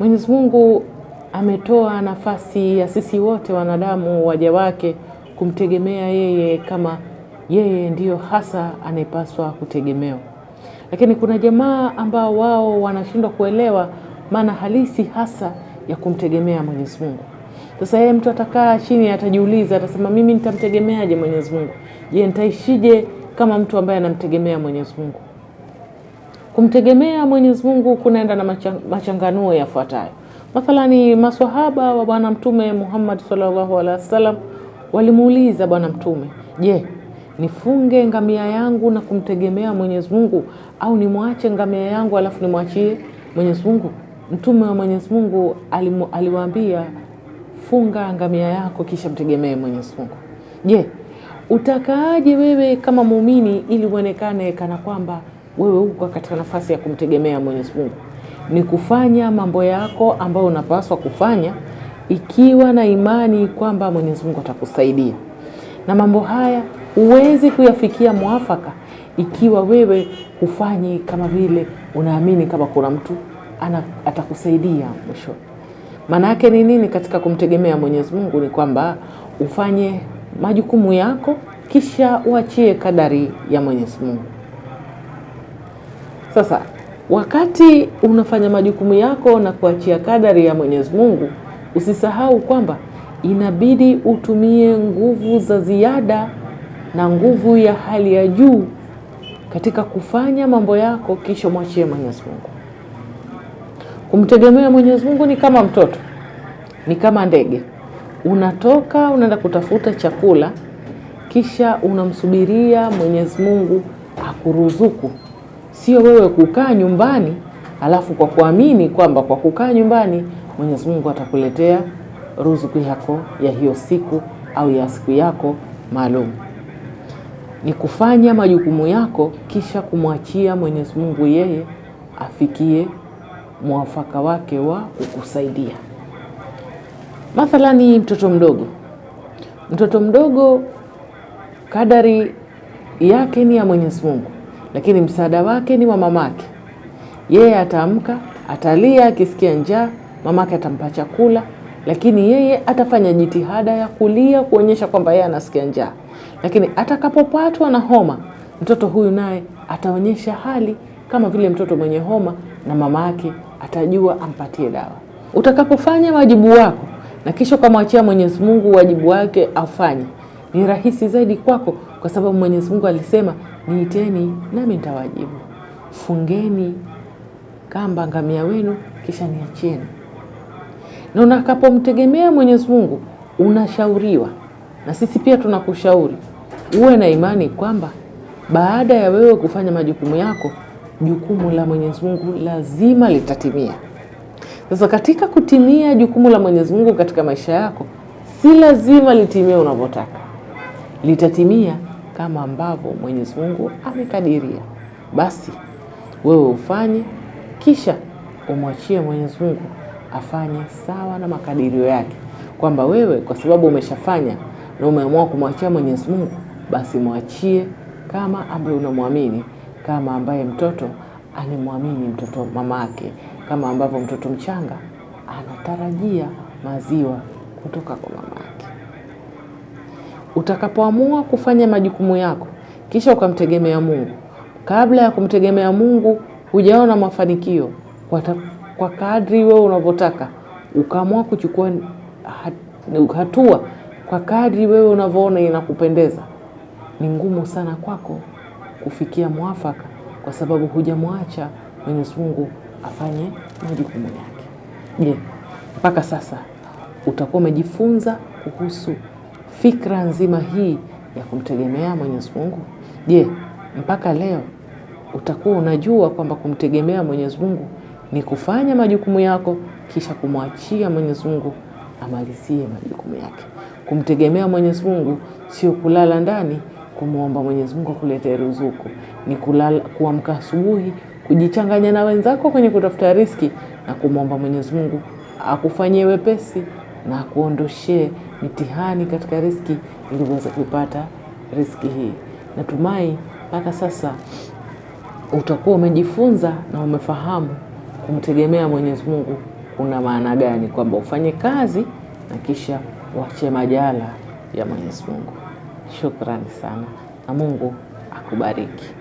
Mwenyezi Mungu ametoa nafasi ya sisi wote wanadamu waja wake kumtegemea yeye kama yeye ndiyo hasa anayepaswa kutegemewa, lakini kuna jamaa ambao wao wanashindwa kuelewa maana halisi hasa ya kumtegemea Mwenyezi Mungu. Sasa yeye mtu atakaa chini, atajiuliza, atasema mimi nitamtegemeaje Mwenyezi Mungu? Je, nitaishije kama mtu ambaye anamtegemea Mwenyezi Mungu? Kumtegemea Mwenyezi Mungu kunaenda na machanganuo yafuatayo. Mathalani, maswahaba wa Bwana Mtume Muhammad sallallahu alaihi wasallam walimuuliza Bwana Mtume, je, nifunge ngamia yangu na kumtegemea Mwenyezi Mungu au nimwache ngamia yangu alafu nimwachie Mwenyezi Mungu? Mtume wa Mwenyezi Mungu aliwaambia, funga ngamia yako kisha mtegemee Mwenyezi Mungu. Je, utakaaje wewe kama muumini ili uonekane kana kwamba wewe huko katika nafasi ya kumtegemea Mwenyezi Mungu, ni kufanya mambo yako ambayo unapaswa kufanya ikiwa na imani kwamba Mwenyezi Mungu atakusaidia. Na mambo haya huwezi kuyafikia mwafaka ikiwa wewe hufanyi kama vile unaamini kama kuna mtu ana, atakusaidia mwisho. Maana yake ni nini katika kumtegemea Mwenyezi Mungu? Ni kwamba ufanye majukumu yako kisha uachie kadari ya Mwenyezi Mungu. Sasa wakati unafanya majukumu yako na kuachia kadari ya Mwenyezi Mungu, usisahau kwamba inabidi utumie nguvu za ziada na nguvu ya hali ya juu katika kufanya mambo yako, kisha mwachie Mwenyezi Mungu. Kumtegemea Mwenyezi Mungu ni kama mtoto, ni kama ndege. Unatoka unaenda kutafuta chakula, kisha unamsubiria Mwenyezi Mungu akuruzuku sio wewe kukaa nyumbani alafu kwa kuamini kwamba kwa kukaa nyumbani Mwenyezi Mungu atakuletea ruzuku yako ya hiyo siku au ya siku yako maalum. Ni kufanya majukumu yako kisha kumwachia Mwenyezi Mungu yeye afikie mwafaka wake wa kukusaidia. Mathalani mtoto mdogo, mtoto mdogo kadari yake ni ya Mwenyezi Mungu lakini msaada wake ni wa mamake. Yeye ataamka, atalia akisikia njaa, mamake atampa chakula, lakini yeye atafanya jitihada ya kulia kuonyesha kwamba yeye anasikia njaa. Lakini atakapopatwa na homa, mtoto huyu naye ataonyesha hali kama vile mtoto mwenye homa, na mamake atajua ampatie dawa. Utakapofanya wajibu wako na kisha ukamwachia Mwenyezi Mungu wajibu wake afanye, ni rahisi zaidi kwako, kwa sababu Mwenyezi Mungu alisema niiteni nami nitawajibu, fungeni kamba ngamia wenu kisha niachieni. Na unakapomtegemea Mwenyezi Mungu unashauriwa, na sisi pia tunakushauri uwe na imani kwamba baada ya wewe kufanya majukumu yako, jukumu la Mwenyezi Mungu lazima litatimia. Sasa katika kutimia jukumu la Mwenyezi Mungu katika maisha yako, si lazima litimie unavyotaka, litatimia kama ambavyo Mwenyezi Mungu amekadiria, basi wewe ufanye, kisha umwachie Mwenyezi Mungu afanye sawa na makadirio yake, kwamba wewe kwa sababu umeshafanya na umeamua kumwachia Mwenyezi Mungu, basi mwachie kama ambaye unamwamini, kama ambaye mtoto alimwamini mtoto mamake, kama ambavyo mtoto mchanga anatarajia maziwa kutoka kwa mama Utakapoamua kufanya majukumu yako kisha ukamtegemea Mungu, kabla ya kumtegemea Mungu hujaona mafanikio kwa, ta, kwa kadri wewe unavyotaka, ukaamua kuchukua hatua kwa kadri wewe unavyoona inakupendeza, ni ngumu sana kwako kufikia mwafaka, kwa sababu hujamwacha Mwenyezi Mungu afanye majukumu yake. Je, mpaka sasa utakuwa umejifunza kuhusu fikra nzima hii ya kumtegemea Mwenyezi Mungu? Je, mpaka leo utakuwa unajua kwamba kumtegemea Mwenyezi Mungu ni kufanya majukumu yako kisha kumwachia Mwenyezi Mungu amalizie majukumu yake. Kumtegemea Mwenyezi Mungu sio kulala ndani kumwomba Mwenyezi Mungu akuletee ruzuku, ni kulala, kuamka asubuhi, kujichanganya na wenzako kwenye kutafuta riski na kumwomba Mwenyezi Mungu akufanyie wepesi na kuondoshee mitihani katika riski ili uweze kuipata riski hii. Natumai mpaka sasa utakuwa umejifunza na umefahamu kumtegemea Mwenyezi Mungu kuna maana gani, kwamba ufanye kazi na kisha uache majala ya Mwenyezi Mungu. Shukrani sana na Mungu akubariki.